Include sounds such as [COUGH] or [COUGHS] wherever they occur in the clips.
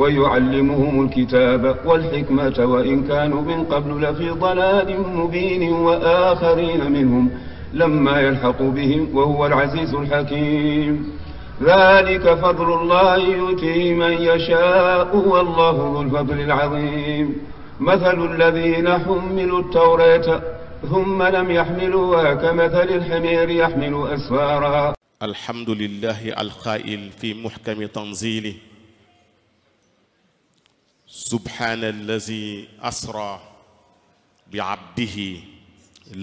ويعلمهم الكتاب والحكمة وإن كانوا من قبل لفي ضلال مبين وآخرين منهم لما يلحق بهم وهو العزيز الحكيم ذلك فضل الله يؤتيه من يشاء والله ذو الفضل العظيم مثل الذين حملوا التوراة ثم لم يحملوها كمثل الحمير يحمل أسفارا الحمد لله الخائل في محكم تنزيله subhaana allazi asra bi abdihi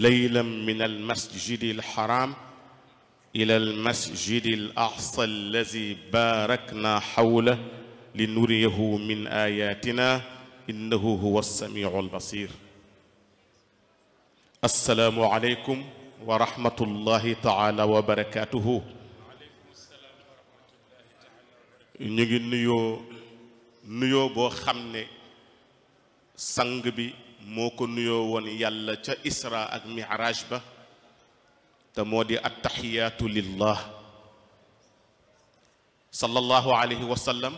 laylan min almasjidi alxaram ila almasjidi alaxsa allazi baarakna xawla linuriyahu min ayatina innahu huwa alsamiu albasir alsalaamu aleykum wa rahmatullahi taala wa barakatuhu ñu ngi nuyoo nuyoo boo xam ne sang bi moo ko nuyoo woon yàlla ca isra ak miraaj ba te moo di attaxiyaatu lillah sallallahu alayhi wa sallam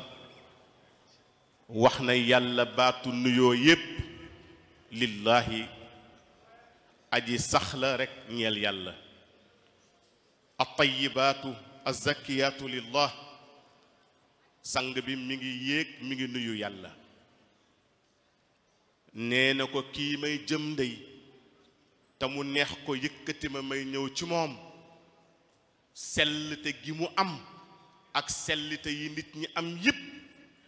wax na yàlla baatu nuyo yépp lillahi aji sax la rekk ñeel yàlla attayibaatu azzakiyaatu lillah sang bi mi ngi yéeg mi ngi nuyu yàlla nee na ko kii may jëm ndey te mu neex ko yëkkati ma may ñëw ci moom sellte gi mu am ak sellte yi nit ñi am yépp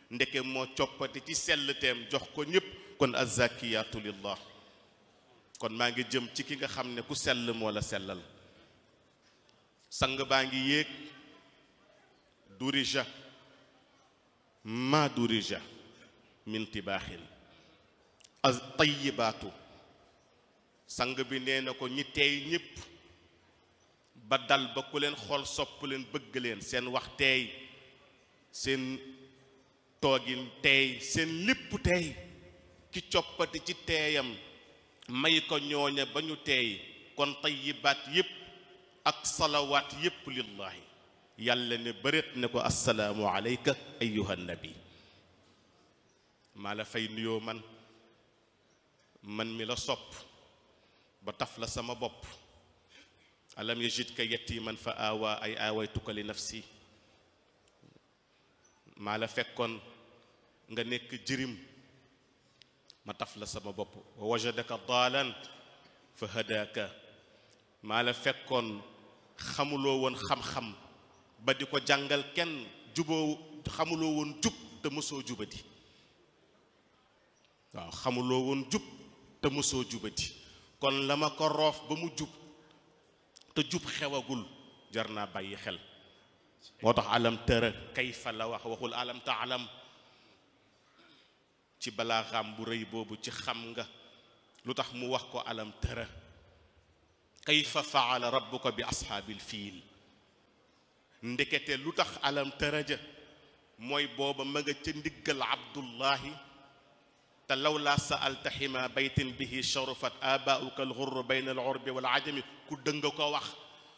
ndeke moo coppati ci sellteem jox ko ñépp kon azzakiyaatu lillah kon maa ngi jëm ci ki nga xam ne ku sell moo la sellal sang baa ngi yéeg durija madurija min tibaaxin al tayibaatu sang bi nee na ko ñi teey ñépp ba dal ba ku leen xool sopp leen bëgg leen seen wax teey seen toogin teey seen lépp teey ki coppati ci teeyam may ko ñooña ba ñu teey kon tayibaat yépp ak salawaat yépp lillaahi yàlla ne bëreet ne ko assalaamu alayka ayyuha nabi maa la fay nuyoo man man mi la sopp ba taf la sama bopp alam yajidka yatiman fa aawaa ay aawaytuka li nafsi maa la fekkoon nga nekk jirim ma taf la sama bopp wa wajadaka daalan fa hadaaka maa la fekkoon xamuloo woon xam-xam ba di ko jàngal kenn juboo xamuloo woon jub te mosoo jubadi waaw xamuloo woon jub te mosoo jubadi kon la ma ko roof ba mu jub te jub xewagul jar naa bàyyi xel moo tax alam tëra kayfa la wax waxul alam taalam ci balaa bu réy boobu ci xam nga lu tax mu wax ko alam tëra kayfa faala rabbuka bi ashaabil fiil ndekete lu tax alam taraja mooy booba ma nga ca ndiggal abdullahi te lawlaa saalta xima baytin bihi sharufat abaauka alxurru bayna alxurbi wal ajami ku dëng ko wax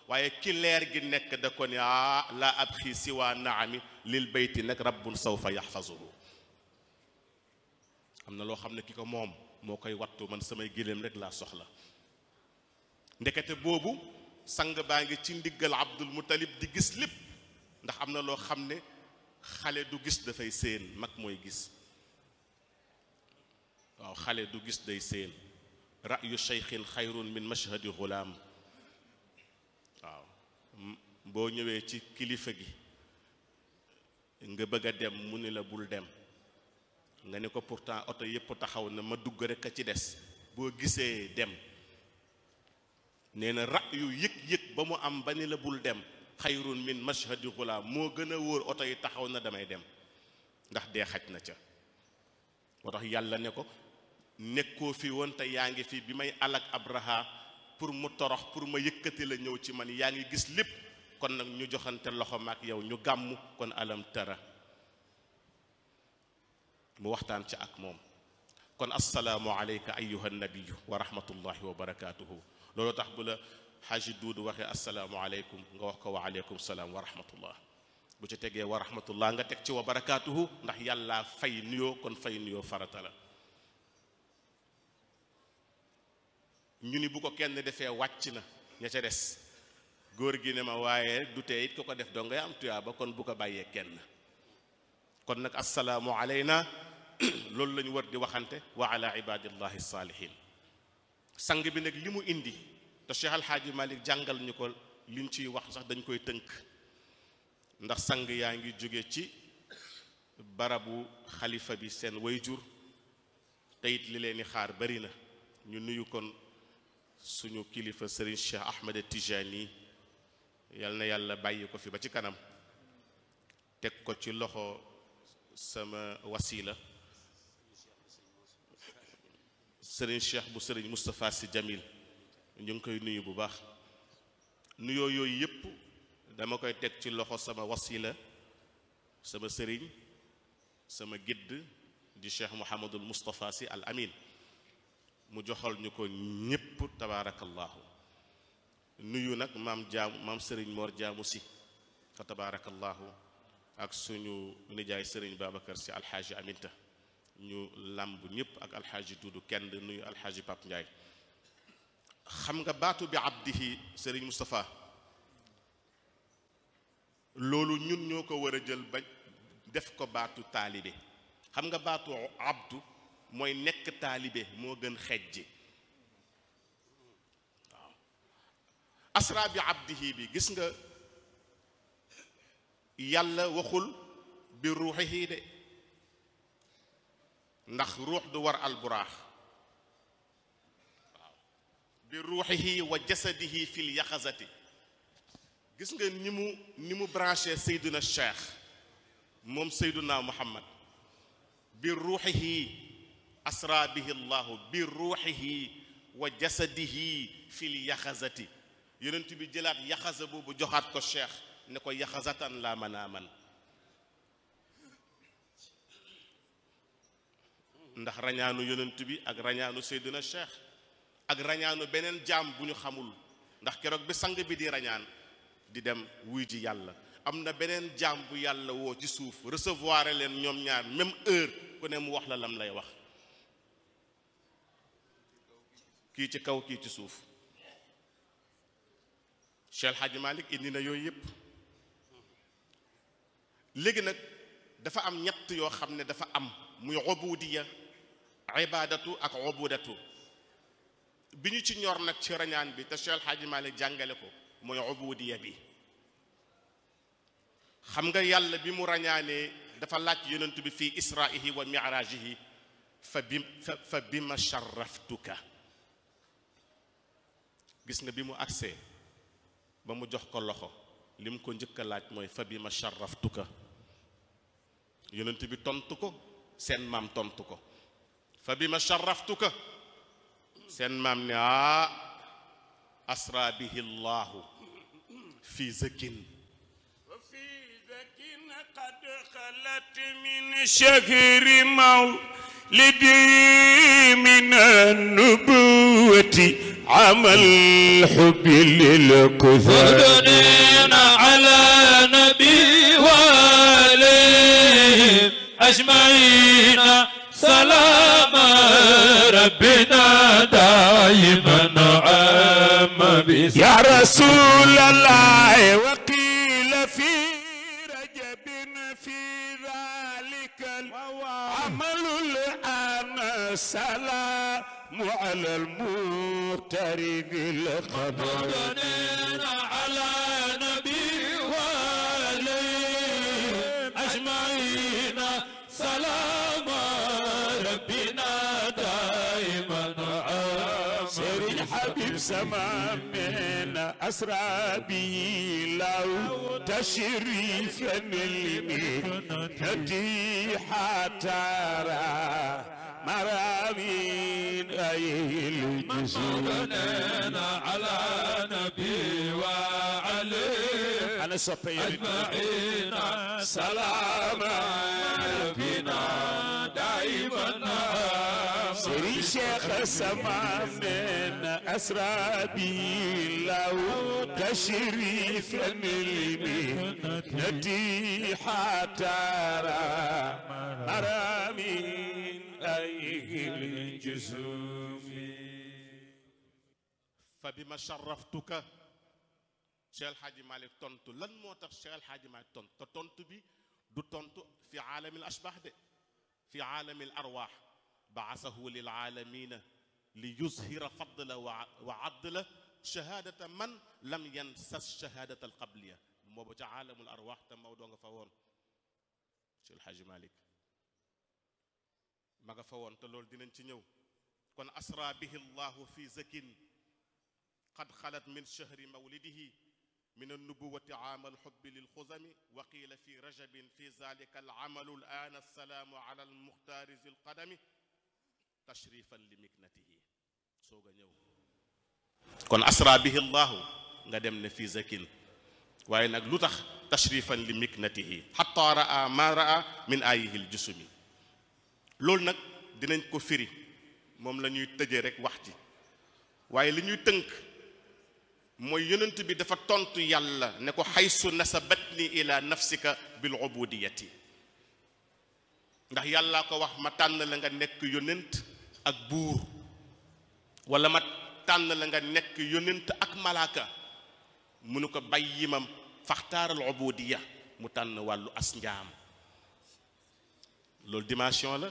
waaye ki leer gi nekk da ko ne ah laa abxi siwa naami lil bayti nag rabbun sawfa yaxfazuhu am na loo xam ne ki ko moom moo koy wattu man samay géléem rek laa soxla ndekete boobu sang baa ngi ci ndiggal Abdul Muttalib di gis lépp ndax am na loo xam ne xale du gis dafay séen mag mooy gis waaw xale du gis day séen ra'yu cheikhin xayrun min mashhadi xulaam waaw boo ñëwee ci kilifa gi nga bëgg a dem mu ni la bul dem nga ne ko pourtant oto yépp taxaw na ma dugg rekk a ci des boo gisee dem nee na ra'yu yëg yëg ba mu am ba ni la bul dem xayrun min mashhadi xulaa moo gën a wóor oto yi taxaw na damay dem ndax dee xaj na ca moo tax yàlla ne ko nekkoo fii woon te yaa ngi fi bi may alak abraha pour mu torox pour ma yëkkati la ñëw ci man yaa ngi gis lépp kon nag ñu joxante loxo maak yow ñu gàmm kon alam tara mu waxtaan ca ak moom kon asalaamu aleyka ayuha nabiyu wa rahmatullahi wa barakatuhu loolu tax bu la xaaji duudu waxee asalaamualeykum nga wax ko wa aleykum salaam wa rahmatullah bu ca tegee wa rahmatullah nga teg ci wa barakaatuhu ndax yàllaa fay nuyoo kon fay nuyoo farata la ñu ni bu ko kenn defee wàcc na ña ca des góor gi ne ma waaye du tee it ku ko def doo ngay am tuyaaba kon bu ko bàyyee kenn kon nag assalaamu aleyna [CLEARS THROAT] loolu lañu war di waxante wa ala ibadillahi saalihin sang bi nag li mu indi te Cheikh Al Hadji jàngal ñu ko liñ ciy wax sax dañ koy tënk ndax sang yaa ngi jóge ci barabu xalifa bi seen wayjur te it li leen di xaar bari na ñu nuyu kon suñu kilifa Serigne Cheikh Ahmed Tijani yal na yàlla bàyyi ko fi ba ci kanam teg ko ci loxo sama wasila Serigne Cheikh bu Serigne Moustapha si Jamil ñu ngi koy nuyu bu baax nuyoo yooyu yëpp dama koy teg ci loxo sama wasila sama sëriñ sama gidd di cheikh Mouhamadul Moustapha si al Amin mu joxal ñu ko ñëpp tabaarakallaahu nuyu nag maam jaamu maam sëriñ Mor jaamu si fa tabaarakallaahu ak suñu nijaay sëriñ Babacar si alxaaji Aminta ñu làmb ñëpp ak alxaaji Dudu kenn nuyu alxaaji Pape Ndiaye. xam nga baatu bi abdihi sëriñ Moustapha loolu ñun ñoo ko war a jël ba def ko baatu taalibe xam nga baatu abdu mooy nekk taalibe moo gën xejji waaw asra bi abdihi bi gis nga yàlla waxul bi ruuxihi de ndax ruux du war alburaax bi ruuxihi wa jasadihi fil yaxasati gis nga ni mu ni mu branché seyduna cheikh moom seyduna muhammad bi ruuxihi asra bihi llahu bi ruuxihi wa jasadihi fil yaxasati yonent bi jëlaat yaxasa boobu joxaat ko cheikh ne ko yaxasatan la mën man ndax rañaanu yonent bi ak rañaanu seyduna cheikh ak rañaanu beneen jaam bu ñu xamul ndax keroog bi sang bi di rañaan di dem wuy ji yàlla am na beneen jaam bu yàlla woo ci suuf recevoir leen ñoom ñaar même heure ku ne mu wax la lam lay wax kii ci kaw kii ci suuf Cheikh Hadji indi na yooyu yëpp léegi nag dafa am ñett yoo xam ne dafa am muy ubudiya ibadatu ak ubudatu bi ñu ci ñor nag ci rañaan bi te Cheikh Hadji Malick jàngale ko mooy ubudiya bi xam nga yàlla bi mu rañaanee dafa laaj yonent bi fii israihi wa mirajihi fa bi bi ma sharraftuka gis nga bi mu agsee ba mu jox ko loxo li mu ko njëkk a laaj mooy fa bi ma sharraftuka yonent bi tontu ko seen maam tontu ko fa bi ma sharraftuka seen maam ne aa ah, asra bihi llahu fi zakin fi zakin qad xalat min shahri mawlidi min annubuwati amal hubbi lil kuzarina ala nabi wa alihi ajmaina سلام ربنا دائما عام يا رسول الله وقيل في رجب في ذلك العمل الآن سلام على المغترب القبر سما من أسرابه لو تشريفا المكتدي حتى مرامين أي الجسور على نبي وعلي على أجمعين سلاما فينا دائما cheikh samaam neena asraabi law tashrif milmi nati hatara aramin ay jusumi fa bima sharaftuka cheikh alhaaji malik tontu lan moo tax cheikh alhaaji malik tontu te tontu bi du tontu fi aalamil ashbah de fi aalamil arwaax baasahu lil aalamiina li yuzhira fadla wa adla shahaadata man lam yansas shahaadata alqabliya boobu ca aalamul arwaax te Maodo nga fa woon ci Alxaaji Malik ma nga fa woon te loolu dinañ ci ñëw kon asra bihi llahu fi zakin qad xalat min shahri mawlidihi min annubuwati aama alxubbi lilxuzami wa qiila fi rajabin fi zalika alamalu alana assalaamu ala almuxtaari zilqadami tashrifan li miknatihi soog a ñëw kon asra bihi llahu nga dem ne fii zakin waaye nag lu tax tashrifan li miknatihi xata raa ma raa min aayihi l jusumi loolu nag dinañ ko firi moom la ñuy tëjee rek wax ci waaye li ñuy tënk mooy yonent bi dafa tontu yàlla ne ko xaysu nasabatni ila nafsika bil ubudiyati ndax yàllaa ko wax ma tànn la nga nekk yonent ak buur wala ma tànn la nga nekk yónnent ak malaaka mu ne ko bay ma faxtaaral ubudiya mu tànn wàllu as njaam loolu dimension la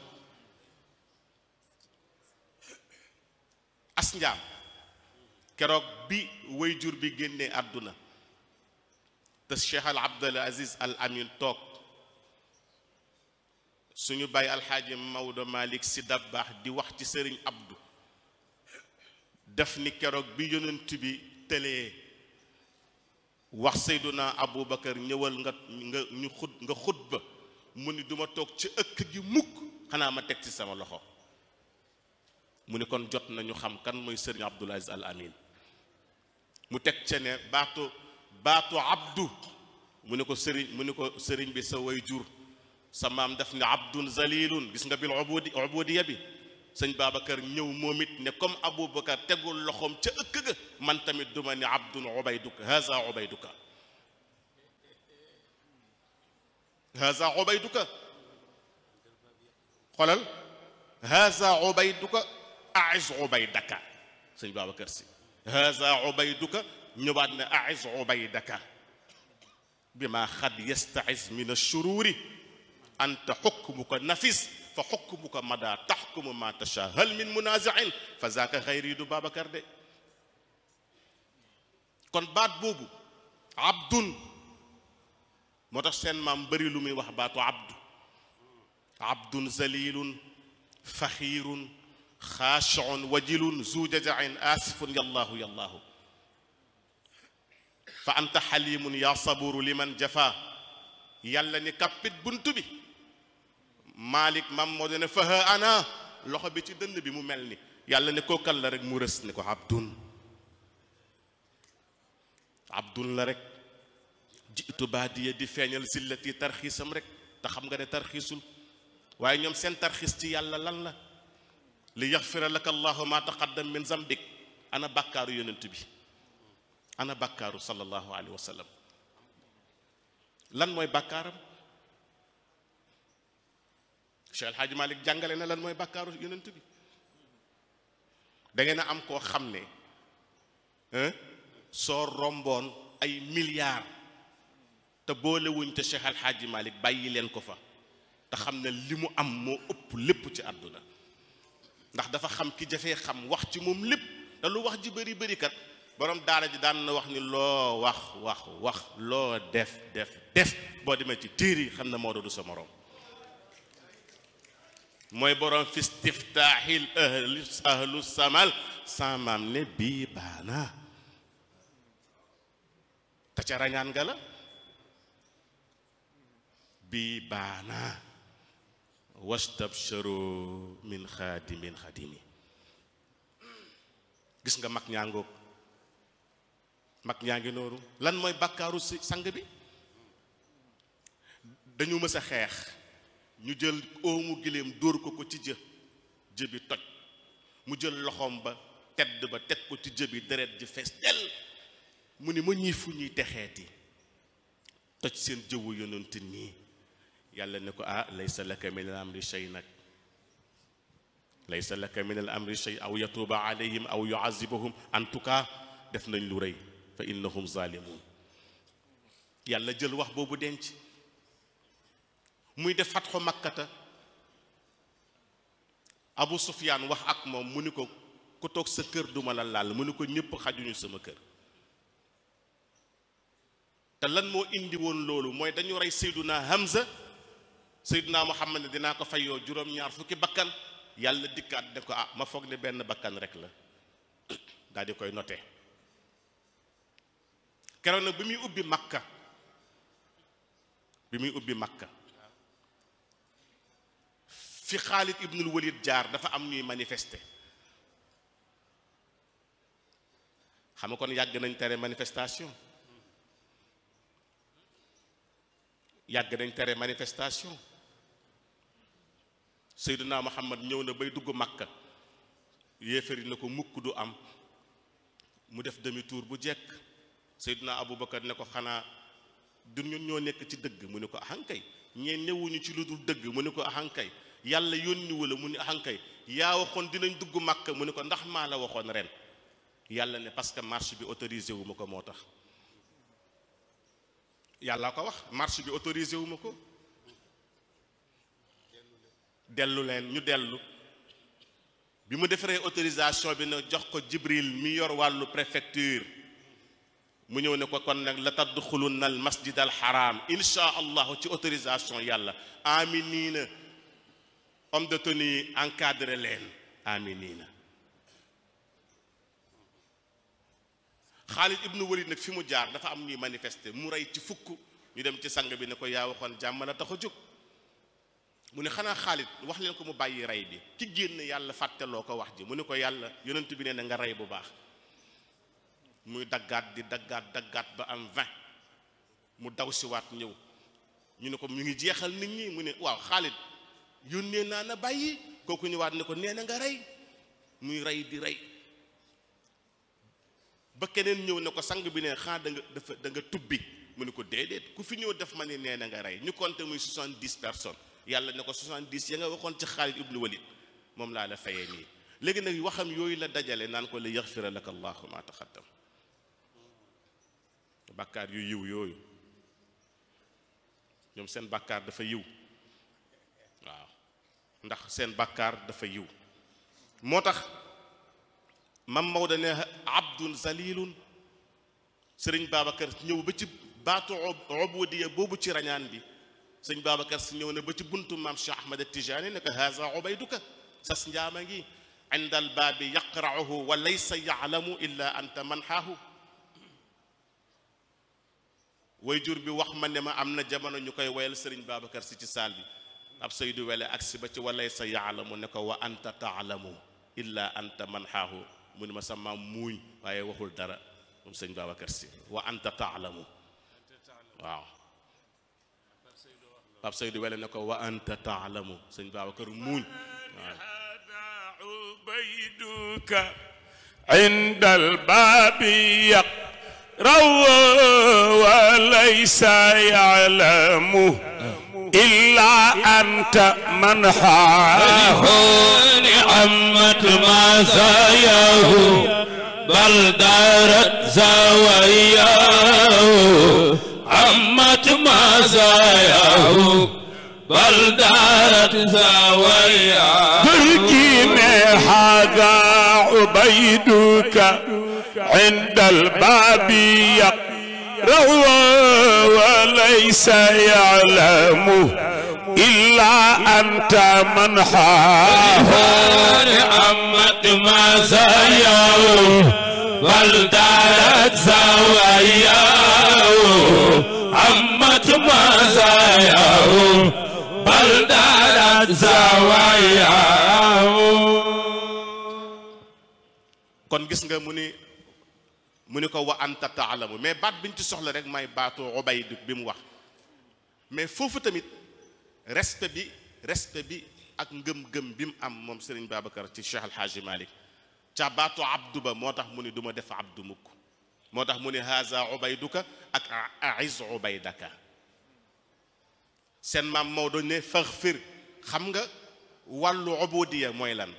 as njaam keroog bi way jur bi génnee àdduna te Cheikh al Abdul Aziz Al Amin toog suñu bàyyi alxaaji Maodo Malick si dabbaax di wax ci sëriñ Abdou def ni keroog bi yonent bi tële wax Seyduna Aboubacar ñëwal nga nga xut nga xutba mu ni duma toog ci ëkk gi mukk xanaa ma teg ci sama loxo mu ni kon jot nañu xam kan mooy sëriñ Abdoul Al Amin mu teg ce ne baatu baatu abdu mu ni ko sëriñ mu ni ko sëriñ bi sa way jur sa maam daf ne abdun zalilun gis nga bil ubudi ubudiya bi sëñ Babacar ñëw moom it ne comme Aboubacar tegul loxoom ca ëkk ga man tamit du ma ne abdun ubayduka haza ubayduka haza ubayduka xolal haza ubayduka aiz ubaydaka bi ma xad yastaiz min ashuruuri anta xukmuka nafis fa xukmuka mada taxkumu ma tasha hal min munaziin fa zaaka xayri du Babacar de kon baat boobu abdun moo tax seen maam bëri lu muy wax baatu abdu abdun zalilun faxiirun xaashiun wajilun zu jajain asifun yallaahu yallaahu fa anta xalimun yaa saburu liman jafa yàlla ni kàppit bunt bi Malik mam moo dene faha ana loxo bi ci dënn bi mu mel ni yàlla ne ko kal la rek mu rës ni ko abdun abdun la rek jitu baadiya di feeñal sillati tarxiisam rek te xam nga ne tarxiisul waaye ñoom seen tarxiis ci yàlla lan la li yaxfira laka allahu ma taqaddam min zambik ana bàkkaaru yonent bi ana bàkkaaru sallallahu alayhi wa sallam lan mooy bàkkaaram Cheikh El malik Malick jàngale na lan mooy bàkkaaru yonent bi da ngeen a am koo xam ne soo romboon ay milliards te boolewuñ ca Cheikh El Hadj Malick bàyyi leen ko fa te xam ne li mu am moo ëpp lépp ci àdduna ndax dafa xam ki jafee xam wax ci moom lépp te lu wax ji bari bëri kat borom daara ji daan na wax ni loo wax wax wax loo def def def boo demee ci téere yi xam ne moo doon sa morom. mooy borom fi istiftaahil ahli ahlu samal sa ne bii baana te ca rañaan nga la bii baana wastabsharu min xaadimin xaadimi gis nga mag ñaa ngoog mag ñaa ngi noonu lan mooy bàkkaaru si sang bi dañu mës a xeex ñu jël óomu giléem dóor ko ko ci jë jë bi toj mu jël loxoom ba tedd ba teg ko ci jë bi deret ji fees dell mu ni ma ñii fu ñuy texeeti toj seen jëwu yonent nii yàlla ne ko ah laysa laka min al amri sey nag laysa laka min al amri sey aw yatuuba alayhim aw yuazibahum en tout cas def nañ lu rëy fa innahum zalimun yàlla jël wax boobu denc muy def fatxu makkata abu sufyaan wax ak moom mu ni ko ku toog sa kër duma la laal mu ni ko ñëpp xajuñu sama kër te lan moo indi woon loolu mooy dañu rey seyduna hamza seyduna xam ne dinaa ko fayoo juróom-ñaar fukki bakkan yàlla dikkaat ne ko ah ma foog ne benn bakkan rek la [COUGHS] daal koy note keroog bi muy ubbi makka bi muy ubbi makka fi Xaalid ibnul Walid jaar dafa am ñuy manifester xam nga kon yàgg nañ tere manifestation yàgg nañ tere manifestation Seydina Muhammad ñëw na bay dugg Makka yéefari na ko mukk du am mu def demi tour bu jekk Seydina Aboubacar ne ko xanaa du ñun ñoo nekk ci dëgg mu ne ko axankay ñeen newuñu ci lu dul dëgg mu ne ko axankay yàlla yónniwu la mu ni ahankay yaa waxoon dinañ dugg màkk mu ne ko ndax maa la waxoon ren yàlla ne parce que marche bi autorisé wu ma ko moo tax yàlla ko wax marche bi autorisé wu ma ko dellu leen ñu dellu bi mu defaree autorisation bi na jox ko Jibril mi yor wàllu préfecture mu ñëw ne ko kon nag la tadxulunna al masjid al haram insha allahu ci autorisation yàlla aminiina homme de tenue encadre leen aminina Xaalid ibnu Walid nag fi mu jaar dafa am ñuy manifester mu rey ci fukk ñu dem ci sang bi ne ko yaa waxoon jàmm la tax a jóg mu ne xanaa Xaalid wax leen ko mu bàyyi rey bi ki génn yàlla fàtteloo ko wax ji mu ne ko yàlla yonent bi nee na nga rey bu baax muy daggaat di daggaat daggaat ba am vingt mu daw siwaat ñëw ñu ne ko mu ngi jeexal nit ñi mu ne waaw Xaalid yónnee naa na bàyyi kooku ñëwaat ne ko nee na nga rey muy rey di rey ba keneen ñëw ne ko sang bi ne xaa danga dafa danga nga tubbi mu ne ko déedéet ku fi ñëw def ma ne nee na nga rey ñu te muy soixante-dix personnes yàlla ne ko soixante-dix ya nga waxoon ci Xaalid ibnu Walid moom laa la fayee nii léegi nag waxam yooyu la dajale naan ko la yaxfira laka allahu ma taqaddam bàkkaar yu yiw yooyu ñoom seen bàkkaar dafa yiw ndax seen bàkkaar dafa yiw moo tax mam Maodo ne abdun zalilun sëriñ Babacar ñëw ba ci baatu ubudiyya ci rañaan bi sëñ Babacar si ñëw na ba ci buntu maam Cheikh Ahmad Tijaani ne ko haza ubayduka sas njaama ngi inda al baabi yaqra'uhu wa laysa jur bi wax ma ne am na jamono ñu koy woyal sëriñ Babacar si ci saal bi ab say du wele agsi ba ci walay sa yaalamu ne ko wa anta taalamu illa anta man xaahu mu ne ma sama muuñ waaye waxul dara moom sëñ Babacar Si wa anta taalamu waaw ab say du wele ne ko wa anta taalamu sëñ Babacar muuñ waaw ubayduka inda albaabi yaqraw wa laysa yaalamu إلا أنت من حاه نعمة ما ساياه بل دارت زواياه عمة ما زاياه بل دارت زواياه بركين هذا عبيدك عند الباب يقول روى وليس يعلم إلا أنت من حافظ أمت ما زياه والدارت زواياه أمت ما زياه والدارت زواياه kon gis nga mu ni mu ne ko wa anta taalamu mais baat biñ ci soxla rek may baatu ubayd bi mu wax mais foofu tamit respect bi respect bi ak ngëm-ngëm bi mu am moom Serigne Babacar ci Cheikh Alhaaji Malick ca baatu abdu ba moo tax mu ne du ma def abdu mukk moo tax mu ne haza ubayduka ak aiz ubaydaka seen maam Maodo ne faxfir xam nga wàllu ubudiya mooy lan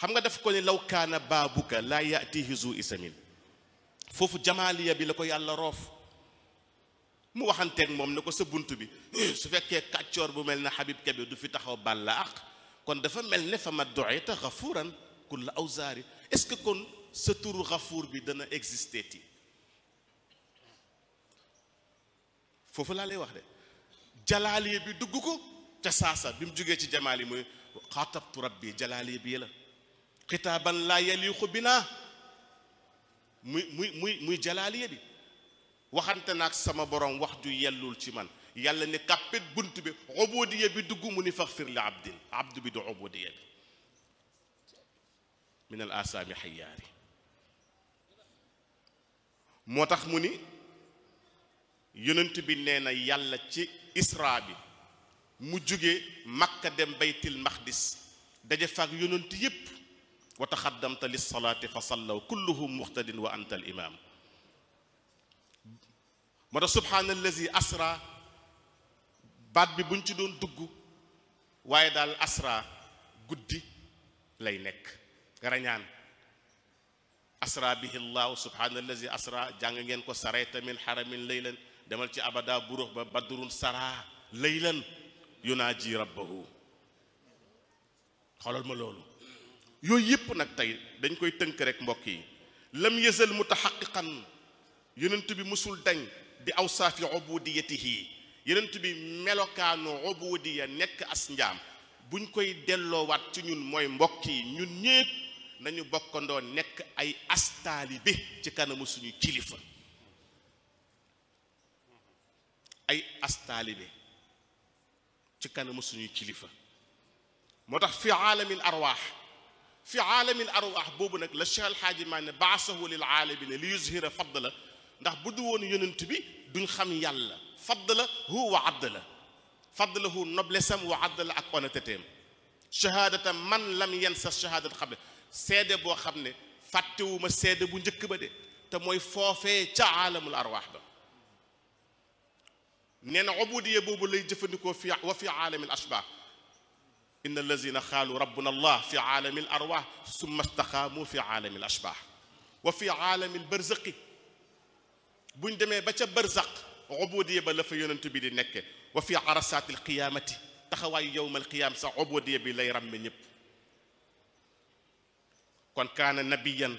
xam nga daf ko ne law kaana baabuka laa yatihi zu isamin foofu jamaaliya bi la ko yàlla roof mu waxanteek moom ne ko sa bunt bi eh, su fekkee kàccoor bu mel ne Habib Kébé du fi taxaw bàlla ak kon dafa mel ne fa ma doxeeta xafuuran kulla awzaari est-ce que kon sa turu xafuur bi dana exister foofu laa lay wax de jalaaliya bi dugg ko ca saasa bi mu jógee ci jamaali mooy xaatabtu rabbi jalaaliya bi la xitaaban laa yaliixu binaa muy muy muy muy jalaaliya bi waxante naag sama borom wax ju yellul ci man yàlla ne kàppit bunt bi obodiya bi dugg mu ni faxfir li abdin abdu bi asaami xayaari moo tax mu ni yonant bi nee na yàlla ci isra bi mu jóge makka dem baytil maxdis daje faak yonent yépp wa taxaddamta lissalaati fa sallaw kulluhum muxtadin wa anta al imaam moo tax subhaana allazi asra baat bi buñ ci doon dugg waaye daal asra guddi lay nekk rañaan asra bihi llahu subhaana allazi asra jàng ngeen ko sarayta min xaramin laylan demal ci abada burux ba badrun sara laylan yunaaji rabbahu xoolal ma loolu yooyu yëpp nag tey dañ koy tënk rek mbokk yi lam yësal mutaxaqiqan yonent bi musul dañ bi aw saafi ubudiyatihi yonent bi melokaanu ubudiya nekk as njaam buñ koy delloowaat ci ñun mooy mbokk yi ñun ñépp nañu bokkandoo nekk ay astaalibe ci kanamu suñu kilifa ay astaalibe ci kanamu suñuy kilifa moo tax fi aalamin arwaax fi aalamil arwaax boobu nag la Cheikh Alxaaji maa ne baasahu lil aalamina li yuzhira fadla ndax bu du woon yonent bi duñ xam yàlla fadlahu wa adla fadlahu noblesse am wa adla ak honnêteté am shahadatam man lam yansa shahadat xable seede boo xam ne fàttewuma seede bu njëkk ba de te mooy foofe ca aalamul arwaax ba nee na ubudiya boobu lay jëfandikoo fi wa fi aalamil ashbaax inna allazina xaalu rabbuna allah fi aalami al arwaax summa staqaamu fi aalami al ashbaax wa fi aalami al barzaqi buñ demee ba ca barzaq ubudiya ba la fa yonent bi di nekke wa fi arasaati al qiyaamati taxawaayu yowma al qiyaam sax ubudiya bi lay ràmme ñépp kon kaana nabiyan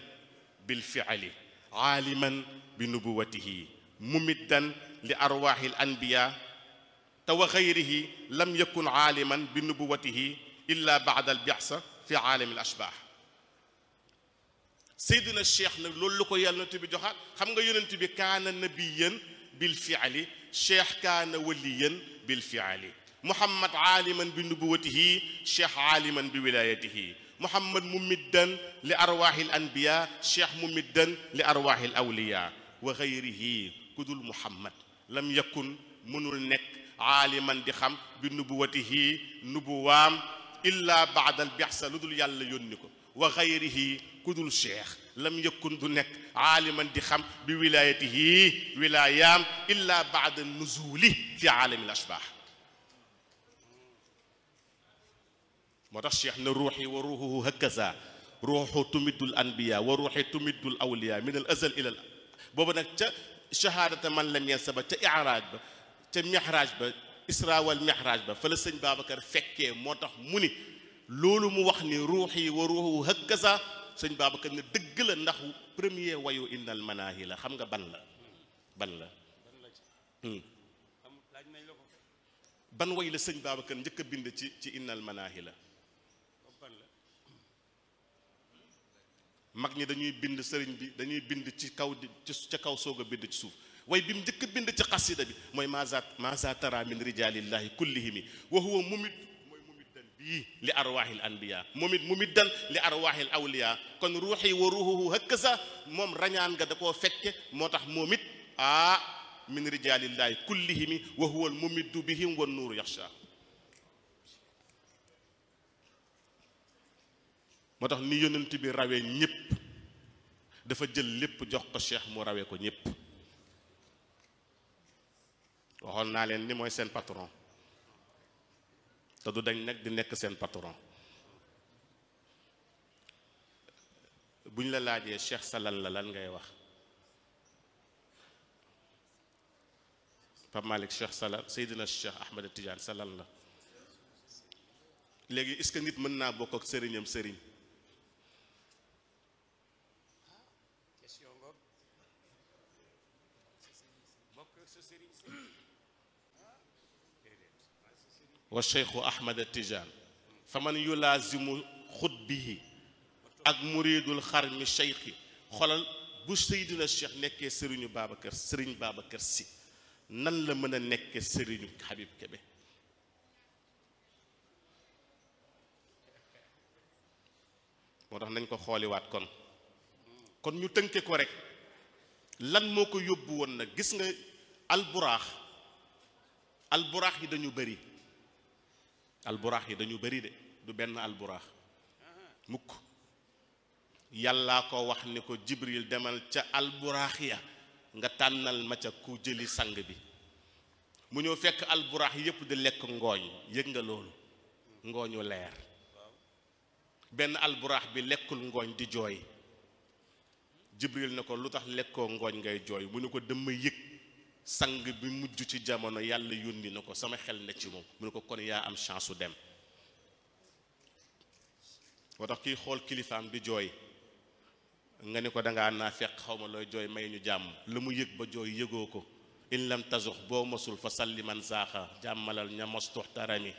bil fiali aaliman bi nubuwatihi mumiddan li arwaaxi al anbiyaa te wa xayrihi lam yakun aaliman bi nubuwatihi illa baada al biasa fi aalami al ashbaax seydina cheikh nag loolu lu ko yonent bi joxaat xam nga yonent bi kaana nabiyan bil fiali cheikh kaana waliyan bil fiali muhammad aaliman bi nubuwatihi cheikh aaliman bi wilayatihi muhammad mumiddan li arwaahi al anbiya cheikh mumiddan li arwaahi al awliya wa xayrihi ku dul muhammad lam yakun mënul nekk aaliman di xam bi nubuwatihi nubuwaam illaa baadal bixsa lu dul yàlla yónni ko wa xayrihi ku dul cheikh lam yëkkun du nekk aaliman di xam bi wilayatihi wilayaam illa baada nuzuli fi aalami l ashbaax moo tax cheikh na ruuxi wa ruuxuhu hakaza ruuxu tumiddul anbiya wa ruuxi tumiddul awliya min al azal ila boobu nag ca shahaadata man lam yansa ba ca iraaj ba ca mihraaj ba isra wal ba fa la sëñ Babacar fekkee moo tax mu ni loolu mu wax ni ruux yi wa ruuxu hëkkasa sëñ Babacar ne dëgg la ndax premier wayu innal manaahi la xam nga ban la ban la hmm. ban way la sëñ Babacar njëkk a bind ci ci innal manaahi la mag ñi dañuy bind sëriñ bi dañuy bind ci kaw ci kaw soog a bind ci suuf way bi mu njëkk bind ci xasida bi mooy maza maza tara min rijalillahi kullihimi wa huwa mumit mooy mumiddan bii li arwaahil anbiya mumit mumiddan li arwaahil awliya kon ruuxi wa ruuhuhu hëkkasa moom rañaan nga da koo fekke moo tax moom it ah min rijalillahi kullihimi wa huwa mumiddu bihim wa nuuru yaxsha moo tax ni yonent bi rawee ñëpp dafa jël lépp jox ko cheikh mu rawee ko ñëpp waxoon naa leen ni mooy seen patron te du dañ nag di nekk seen patron bu ñu la laajee Cheikh Salal la lan ngay wax Pape Malick Cheikh Salal Seydina Cheikh Ahmed Tidiane Salal la léegi est-ce que nit mën naa bokk ak sëriñam sëriñ wa cheikhu ahmad tijaan fa man yulaazimu xutbihi ak muridul xarmi cheikhi xolal bu seydina cheikh nekkee sëriñu babacar sëriñ babacar si nan la mën a nekke sëriñu habib kebe moo tax nañ ko xooliwaat kon kon ñu tënke ko rek lan moo ko yóbbu woon nag gis nga alburaax alburaax yi dañu bari alburaax yi dañu bari de du benn alburaax mukk yàllaa ko wax ni ko jibril demal ca alburaax ya nga tànnal ma ca ku jëli sang bi mu ñëw fekk alburaax yépp di lekk ngooñ yëg nga loolu ngooñu leer benn alburaax bi lekkul ngooñ di jooy jibril ne ko lu tax lekkoo ngooñ ngay jooy mu ne ko dëmm yëg sang bi mujj ci jamono yàlla yónni na ko sama xel ne ci moom mu ne ko kon yaa am chance su dem moo tax kii xool kilifaam di jooy nga ne ko dangaa naa fekk xaw ma looy jooy may ñu jàmm la mu yëg ba jooy yëgoo ko in lam boo mosul fa salli man saaxa jàmmalal ña mos tuxtarami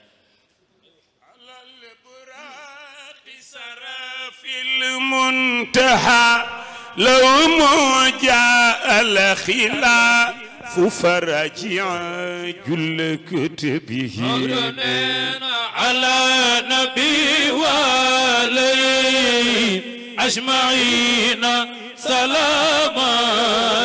alal buraaqi sarafil muntaha law moo jaa al فرجع جل كتبه على نبي ولي أجمعين سلام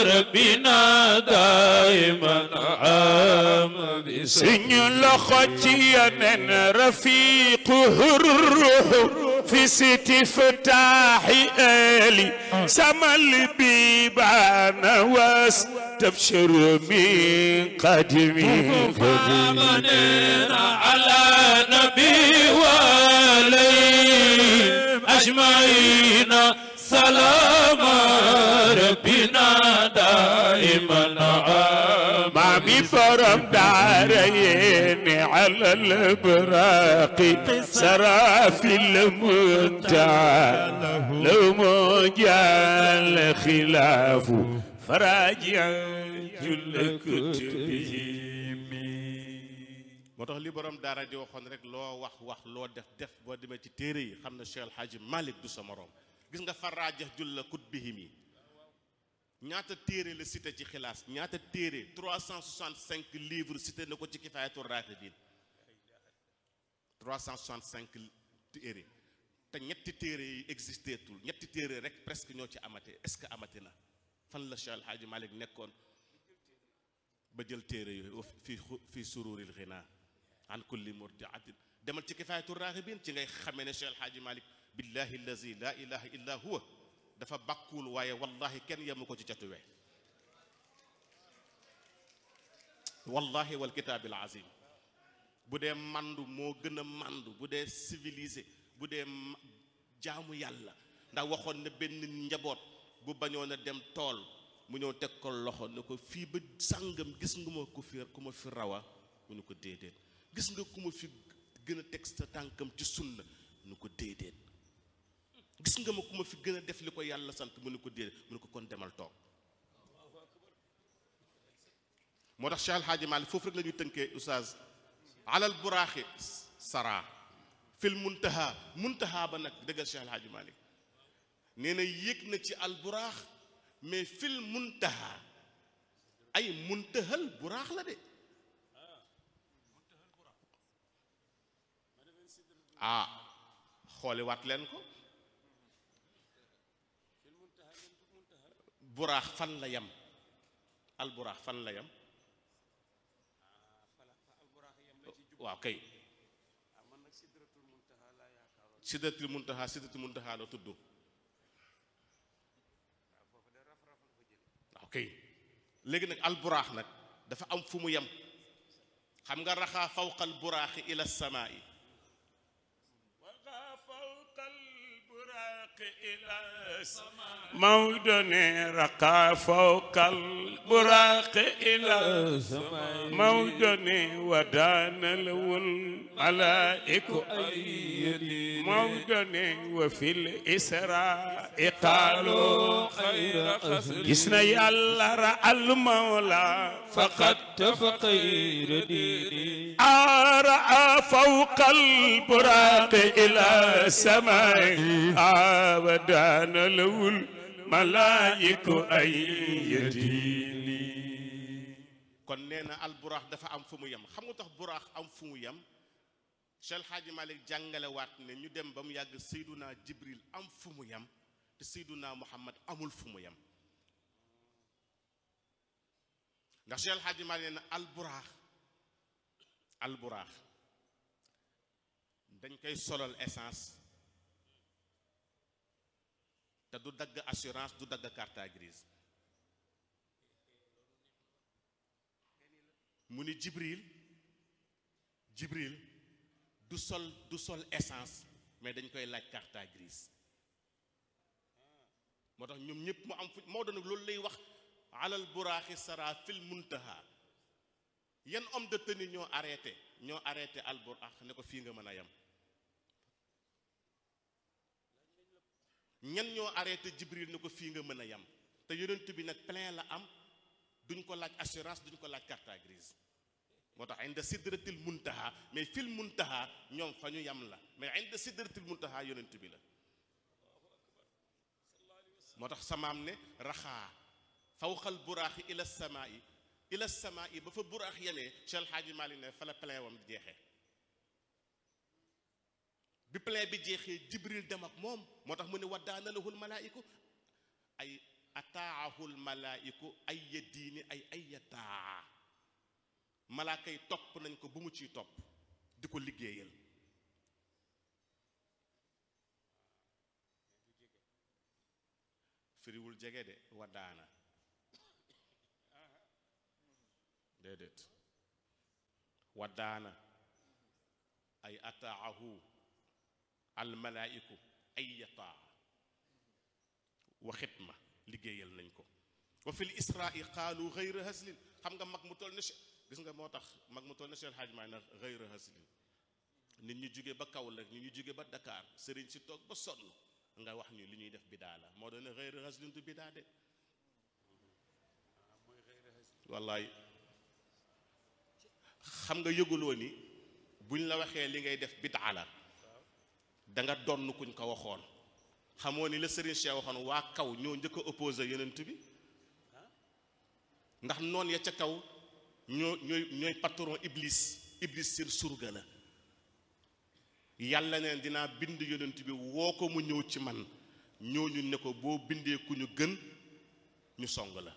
ربنا دائما عام بسن لخطي من رفيقه الروح في استفتاح آلي سمل بيبان واستبشر من قدمي فامننا على نبي ولي أجمعين سلام ربنا دائما بفرم دارين على البراق سرافي المنتع لو مجال خلاف فراجع جل كتبه moo tax li borom daara di waxoon rek loo wax wax loo def def boo demee ci téere yi xam ne Cheikh El Hadji Malick du sa morom gis nga faraajax jul la kut bihim yi ñaata téere la cité ci xilaas ñaata téere 365 livres cité na ko ci kifaayatul raafidin 365 téere te ñetti téere yi existé tul ñetti téere rek presque ñoo ci amate est-ce que amate na fan la Cheikh Alhaaji Malick nekkoon ba jël téere yooyu fi fii sururil xinaa an kulli murdiatin demal ci kifaayatul raafidin ci ngay xamee ne Cheikh Alhaaji Malick billahi allazi la illa huwa dafa bàkkuwul waaye wallahi kenn yemu ko ci catu we wallahi wal kitaabil azim bu dee màndu moo gën a màndu bu dee civilisé bu dee jaamu yàlla ndax waxoon na benn njaboot bu bañoon a dem tool mu ñëw teg ko loxo ne ko fii ba sàngam gis nga ma ku fi ku ma fi rawa nu ne ko déedéet gis nga ku ma fi gën a teg sa tànkam ci sunna nu ko déedéet gis nga ma ku ma fi gën a def li ko yàlla sant mu ne ko déedéet mu ne ko kon demal toog moo tax Cheikh Alhaaji Maalik foofu rek la tënkee oustaz alal buraaxi saraa fil muntaha muntaha ba nag dëggal Cheikh Alhaaji Maalik nee na na ci al buraax mais fil muntaha ay muntahal buraax la de ah xooli waat leen ko buraax fan la yem al buraax fan la yem waaw kay sidratul muntaha sidratul muntaha la tudd léegi nag al buraax nag dafa am fu mu yem xam nga raxaa fawqal buraaxi ila samaa'i مودني رقى فوق البراق إلى مودني ودان الملائك مودني وفي الإسراء قالوا خير خسر جسنا يلا رأى المولى فقد تفقير ديني أرأى فوق البراق إلى السماء أبدان لو الملائك أن kon nee na alburaax dafa am fu mu yem xam nga tax buraax am fu mu yem Cheikh El Hadji Malick jàngalewaat ne ñu dem ba mu yàgg Seydunaa Jibril am fu mu yem te Seydunaa Muhammad amul fu mu yem ndax Cheikh El Hadji Malick na alburaax alburaax dañ koy solal essence te du dagg assurance du dagg carte grise mu ni Jibril Jibril du sol du sol essence mais dañ koy laaj carte grise moo tax ñoom ñëpp mu am fu moo doon loolu lay wax alal buraaxi sara fil muntaha yan homme de tenue ñoo arrêté ñoo arrêté al buraax ne ko fii nga mën a yem ñan ñoo arrêté Jibril ni ko fii nga mën a yem te yonent bi nag plein la am duñ ko laaj assurance duñ ko laaj carte grise moo tax inda sidratil muntaha mais fil muntaha ñoom fa ñu yam la mais inda sidratil muntaha yonent bi la moo tax samaam ne raxaa fawqal buraaxi ila samaa'i ila samaa'i ba fa buraax yamee Cheikh Alhaaji Maalik ne fa la plein wam jeexee bi plaie bi jeexee jibril dem ak moom moo tax mu ne waddaana lahul malaayiku ay ataahul malaayiku ay ya diini topp nañ ko bu mu ciy topp di ko liggéeyal firiwul jege de waddaana waddaana ay ataahu almalaayiku ay yataa wa xitma liggéeyal nañ ko wa fil israai qaalu gayra haslin xam nga mag mu toll na si gis nga moo tax mag mu toll na Cheikh Hadj Maay na gayra haslin nit ñu jóge ba kaw la nit ñu jóge ba dakaar sëriñ si toog ba sonn nga wax ñu li ñuy def bidaa la moo doon ne gayra haslin du bidaa de wallaay xam nga yëguloo ni bu ñu la waxee li ngay def bidaa la danga nga donn kuñ ko waxoon xamoo ni la Serigne Cheikh waxoon waa kaw ñoo njëkk a opposé bi ndax noon ya ca kaw ñoo ñooy patron iblis iblis seen surga la yàlla neen dinaa bind yonent bi woo ko mu ñëw ci man ñu ne ko boo bindee ku ñu gën ñu song la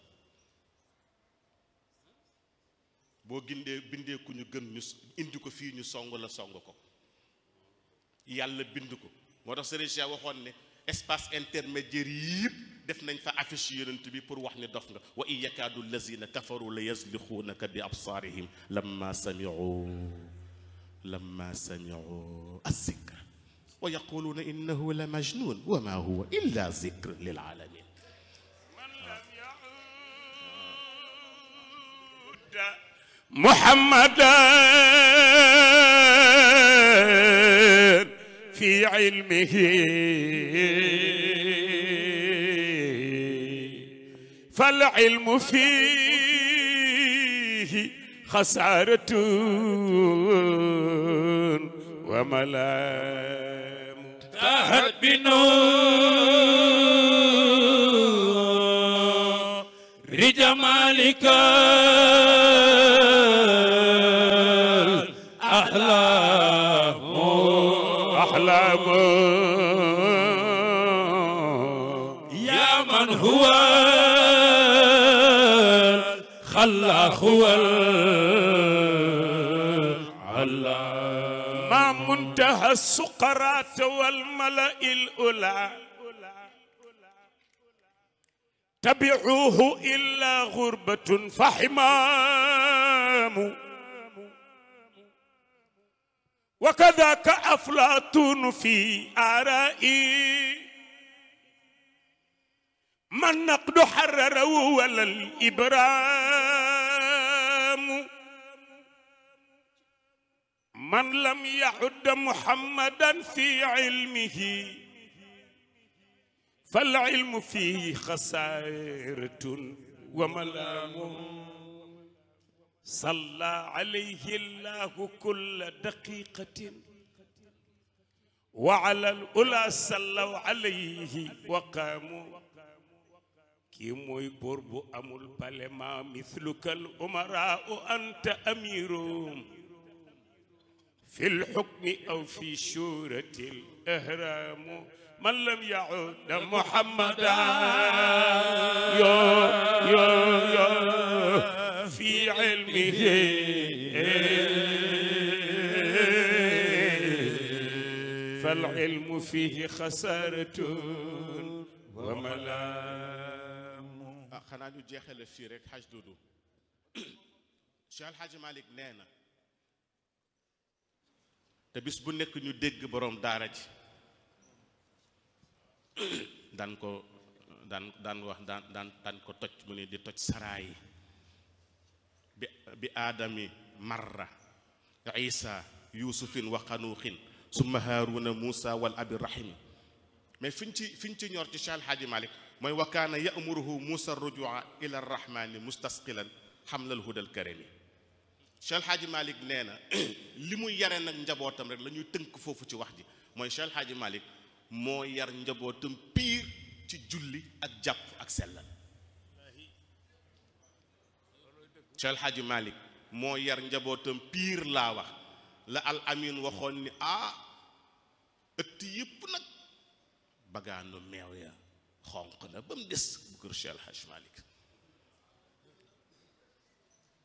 boo gindee bindee ku ñu gën ñu indi ko fii ñu song la song ko yàlla bind ko moo tax Serigne Cheikh waxoon ne espace intermédiaire yëpp def nañ fa affiche yonent bi pour wax ni dof nga wa in yakaadu lazina kafaru la yaslixuunaka bi absaarihim lamma samiu lamma samiu azzikra wa yaquluuna innahu la majnun wa ma huwa illa zikr lil alamin muhammadan في علمه فالعلم فيه خسارة وملام تهت بنور جمالك من هو الخلاق والعلاق ما منتهى السقراط والملأ الأولى تبعوه إلا غربة فحمام وكذاك أفلاطون في آرائه ما النقد حرره ولا الإبرام من لم يعد محمدا في علمه فالعلم فيه خسائرة وملام صلى عليه الله كل دقيقة وعلى الأولى صلوا عليه وقاموا kii mooy buur bu amul palema mithlukal umarau anta amirum fi lxukmi aw fi shurati lahramu man lam yaud muhammadan yo yo yo fi ilmihi fal ilmu fihi xasaratun wa mala xanaa ñu jeexale fii rek xaj dudu [CLEARS THROAT] Cheikh Alhaji Malick nee na te bis bu nekk ñu dégg boroom daara ji [CLEARS THROAT] daan ko daan daan wax daan daan daan ko toj mu ne di toj saraayi bi aadami marra isa yusufin wa xanuuxin summa haaruna muusa wal abi rahimi mais fiñ ci fiñ ci ñor ci Cheikh Alhaji Malick mooy wa kaana yamuruhu muusa rujua ila arrahmani mustasqilan xamlal hudal karimi Cheikh Hadji Malick nee na [CLEARS THROAT] li muy yare nag njabootam rek la ñuy tënk foofu ci wax ji mooy Cheikh Hadji Malick moo yar njabootam piir julli ak jàpp ak sellal Cheikh Hadji Malick moo yar njabootam piir laa wax la al amin waxoon ni ah ëtt yëpp nag bagaanu meew ya xonq na ba mu des bu kër Cheikh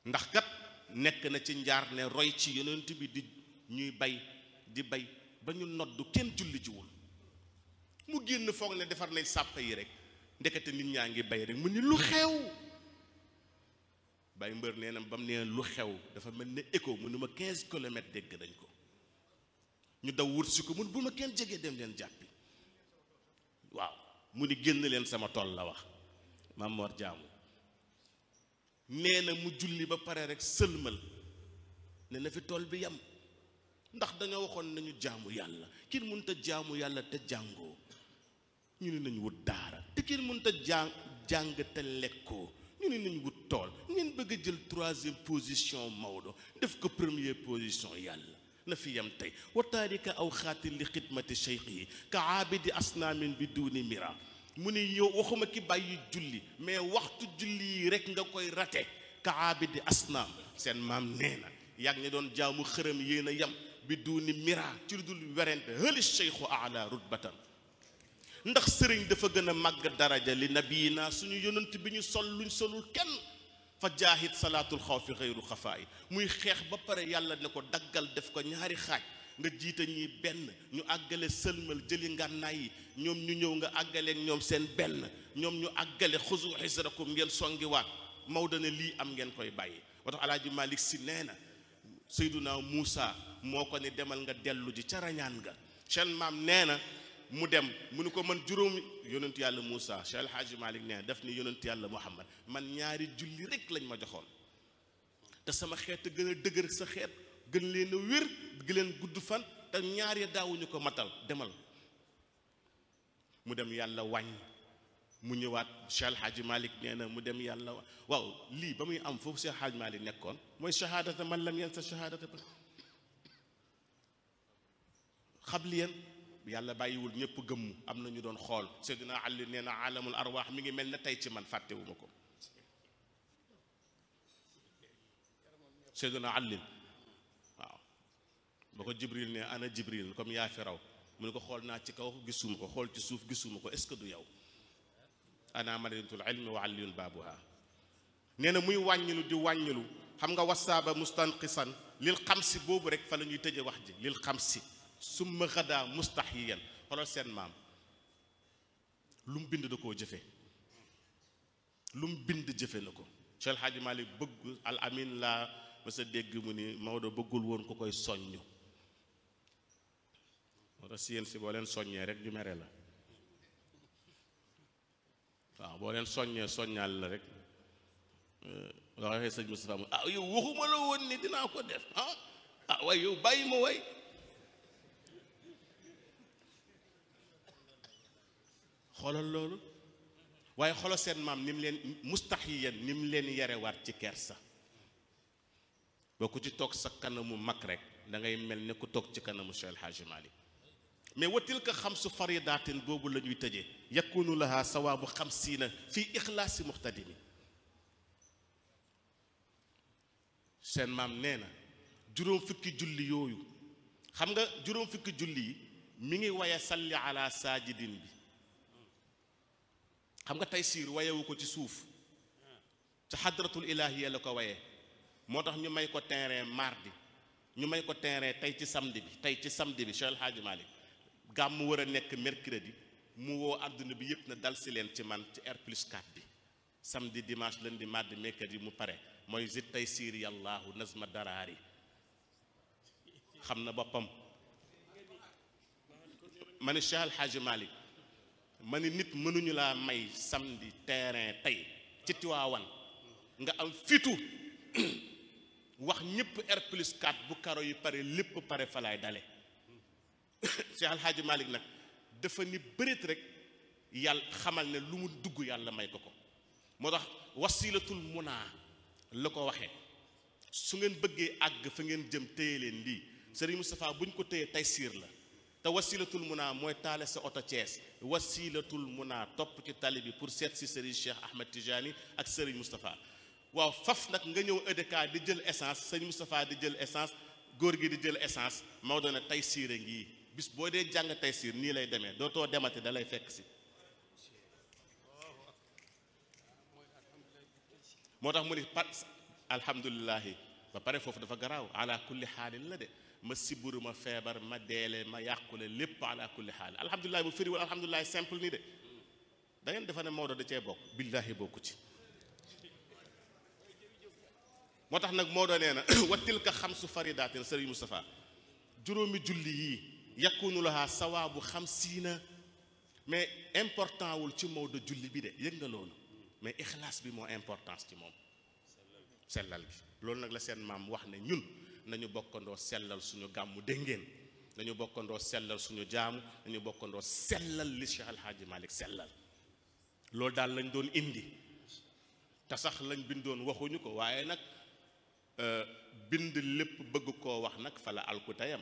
El ndax kat nekk na ci njaar ne roy ci yonent bi di ñuy bay di bay ba ñu nodd kenn julli jiwul mu génn foog ne defar nañ sàppa yi rek ndekete nit ñaa ngi bay rek mu ni lu xew bay mbër nee na ba mu nee lu xew dafa mel ne écho mu ni ma 15 kilomètres dégg nañ ko ñu daw wut si ko mun bu ma kenn jege dem leen jàppi waaw mu ni génn leen sama tool la wax maam Mor jaamu nee na mu julli ba pare rek sëlmal ne na fi tool bi yam ndax da waxoon nañu jaamu yàlla kiin mun ta jaamu yàlla te jàngoo ñu ne nañu wut daara te kiin mun ta jàng jàng te lekkoo ñu ne nañu wut tool ngeen bëgg a jël troisième position Maodo def ko premier position yàlla na fi yam tey wa taarika aw xaatin li xidmati cheikhihi ka aabidi asnaamin bi duuni mira mu ni yow waxuma ki bàyyi julli mais waxtu julli yi rek nga koy rate ka aabidi asnaam seen maam nee na yàgg ñi doon jaamu xërëm yéen a yam bi duuni mira ci lu dul werente hëli cheikhu ala rutbatan ndax sëriñ dafa gën a màgg daraja li nabiina suñu yonent bi ñu sol luñ solul kenn fa jaahid salaatul xawfi xëyru xafaayi muy xeex ba pare yàlla ne ko daggal def ko ñaari xaaj nga jiite ñi benn ñu àggale sëlmal jëli ngànnaay yi ñoom ñu ñëw nga àggaleek ñoom seen benn ñoom ñu àggale xuzu xisrakum ngeen songiwaat Maodo ne lii am ngeen koy bàyyi moo tax alaaji Malick si nee na Seydunaa Muusa moo ko ne demal nga dellu ji ca rañaan nga seen maam nee mu dem mu ne ko man juróomi yonentu yàlla Moussa Cheikh El malik Malick nee daf ni yonentu yàlla Muhammad man ñaari julli rek lañ ma joxoon te sama xeet gën a dëgër sa xeet gën leen wér gën leen gudd fan te ñaar daawuñu ko matal demal mu dem yàlla wàññ mu ñëwaat Cheikh El malik Malick na mu dem yàlla waaw lii ba muy am foofu Cheikh xaaj Hadji Malick nekkoon mooy shahadata man lam yansa shahadata ba xabliyan yàlla bàyyiwul ñëpp gëmm am na ñu doon xool Seydina Ali nee na alamul arwaax mi ngi mel na tey ci man fàttewuma ko Seydina Ali waaw ba ko Jibril ne ana Jibril comme yaa fi raw mu ne ko xool naa ci kaw gisuma ko xool ci suuf gisuma ko est-ce que du yow ana madinatul ilmi wa aliyun baabuha nee na muy wàññilu di wàññilu xam nga wasaaba mustanqisan lil xamsi boobu rek fa lañuy ñuy tëje wax ji lil xamsi summa xadaa mustaxiyan xoolal seen maam lu mu bind da koo jëfe lu mu bind jëfe na ko Cheikh Hadji Malick bëgg al amin laa ma sa bëggul woon ku koy soññ moo tax si yéen si boo leen soññee rek ñu mere la waaw boo leen soññee soññaal la rek waxee sëñ Moustapha ah yow waxuma la woon ni dinaa ko def ah ah waaye yow bàyyi ma way xoolal loolu waaye xoolal seen maam ni mu leen mustaxiyan ni mu leen waat ci kersa boo ku ci toog sa kanamu mag rek da ngay mel ni ku toog ci kanamu Cheikh El Hadji mais watil ka xam su faridaatin boobu la ñuy tëjee yakunu laha sawaabu xamsiina fii ixlaasi muxtadimi seen maam nee na juróom fukki julli yooyu xam nga juróom fukki julli yi mu ngi waye salli ala saajidin bi xam nga tey siir wayewu ko ci suuf ci xadratul yee la ko waye moo tax ñu may ko terrain mardi ñu may ko terrain tey ci samedi bi tey ci samedi bi Cheikh El Hadji Malick gàmm mu war a nekk mercredi mu woo àdduna bi yépp na dal si leen ci man ci R plus 4 bi samedi dimanche lundi mardi mercredi mu pare mooy zit tey siir yàllaahu nazma daraari xam na boppam ma ne Cheikh ma ni nit mënuñu laa may samedi terrain tey ci Tiwaawan nga am fitu [CLEARS THROAT] wax ñëpp R plus 4 bu karo yi pare lépp pare falaay dale [CLEARS THROAT] Cheikh Alhaaji Malick nag dafa ni bërit rek yàlla xamal ne lu mu dugg yàlla may ko ko moo tax wasilatul munaa la ko waxee su ngeen bëggee àgg fa ngeen jëm teye leen lii Serigne Moustapha bu ñu ko téye tey siir la te wasilatul a mooy taale sa oto Thiès wasilatul a topp ci tali bi pour seet si Serigne Cheikh Ahmed Tijani ak Serigne Moustapha waaw faf nag nga ñëw EDK di jël essence Serigne Moustapha di jël essence góor gi di jël essence Maodo ne tey siire ngii bis boo dee jàng tey siir nii lay demee dootoo demati dalay fekk si. moo tax mu ni pat alhamdulilahi ba pare foofu dafa garaaw ala kulli xaalin la de. ma siburu ma feebar ma deele ma yàqule lépp ala kulli xaal alhamdulilah bu firiwul alhamdulilah simple nii de dangeen ngeen defa ne Maodo da cee bokk billaahi bokku ci moo tax nag Maodo nee na [COUGHS] wa tilka xamsu faridaatin sëriñ Moustapha juróomi julli yii yakunu laha sawaabu xamsiina mais important wul ci Maodo julli bi de yëg nga loolu mais ixlaas bi moo importance ci moom sellal gi loolu nag la seen maam wax ne ñun nañu bokkandoo sellal suñu gàmmu dégg ngeen nañu bokkandoo sellal suñu jaamu nañu bokkandoo sellal li Cheikh Al Hadji Malick sellal loolu daal lañ doon indi te sax lañ bindoon waxuñu ko waaye nag euh, bind lépp bëgg koo wax nag fala alku tayam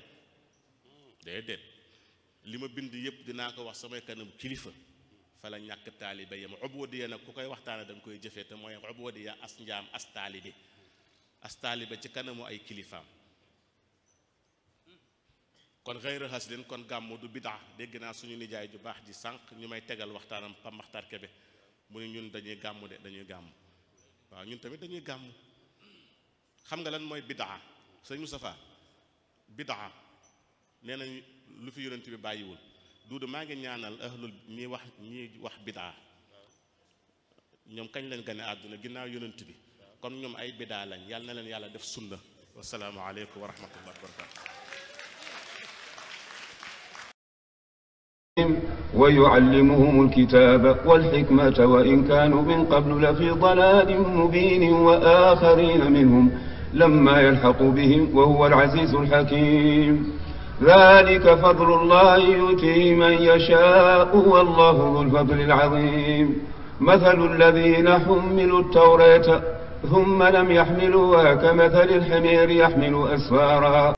déedéet li ma bind yëpp dinaa ko wax samay kanam kilifa fala ñàkk taalibe yam obodiya nag ku koy waxtaana da koy jëfee te mooy obodiya as njaam as taalibe as ci kanamu ay kilifaam kon xëyra xaslin kon gàmmu du bidaa dégg naa suñu nijaay ju baax ji sànq ñu may tegal waxtaanam Pam Maxtar Kebe mu ne ñun dañuy gàmmu de dañuy gàmmu waaw ñun tamit dañuy gàmm xam nga lan mooy bidaa sëñ Moustapha bidaa nee nañ lu fi yonent bi bàyyiwul duudu maa ngi ñaanal ahlul ñi wax ñi wax bidaa ñoom kañ lañ gane àdduna ginnaaw yonent bi comme ñoom ay bidaa lañ yàlla na leen yàlla def sunna wasalaamu aleykum wa rahmatullah wa barakatu wa yuallimuhum alkitaba walhikmata wa in kanu min qablu la fi dalalin mubinin wa axarina minhum lamma yalhaqu bihim wa huwa alazizu alhakim ذلك فضل الله يؤتيه من يشاء والله ذو الفضل العظيم مثل الذين حملوا التوراة ثم لم يحملوها كمثل الحمير يحمل أسفارا